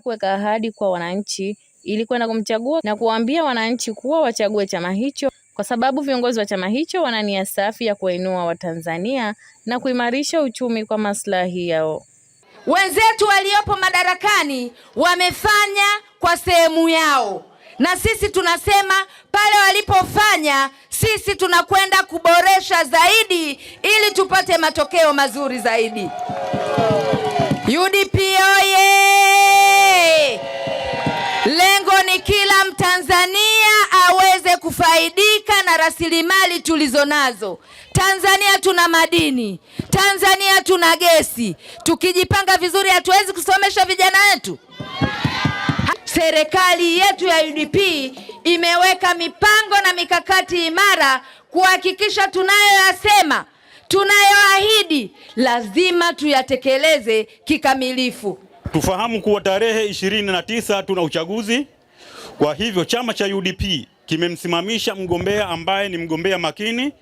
kuweka ahadi kwa wananchi ili kwenda kumchagua na kuwaambia wananchi kuwa wachague chama hicho kwa sababu viongozi wa chama hicho wana nia safi ya kuwainua Watanzania na kuimarisha uchumi kwa maslahi yao. Wenzetu waliopo madarakani wamefanya kwa sehemu yao, na sisi tunasema pale walipofanya, sisi tunakwenda kuboresha zaidi ili tupate matokeo mazuri zaidi. UDP kufaidika na rasilimali tulizonazo. Tanzania tuna madini, Tanzania tuna gesi. Tukijipanga vizuri, hatuwezi kusomesha vijana wetu. Serikali yetu ya UDP imeweka mipango na mikakati imara kuhakikisha tunayoyasema, tunayoahidi lazima tuyatekeleze kikamilifu. Tufahamu kuwa tarehe 29 tuna uchaguzi. Kwa hivyo chama cha UDP kimemsimamisha mgombea ambaye ni mgombea makini,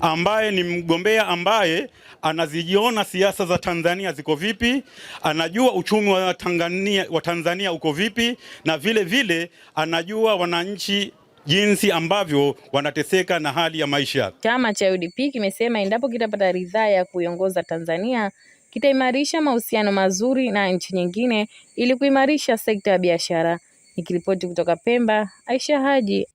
ambaye ni mgombea ambaye anazijiona siasa za Tanzania ziko vipi, anajua uchumi wa Tanzania, wa Tanzania uko vipi, na vile vile anajua wananchi jinsi ambavyo wanateseka na hali ya maisha. Chama cha UDP kimesema endapo kitapata ridhaa ya kuiongoza Tanzania kitaimarisha mahusiano mazuri na nchi nyingine ili kuimarisha sekta ya biashara. Nikiripoti kutoka Pemba, Aisha Haji.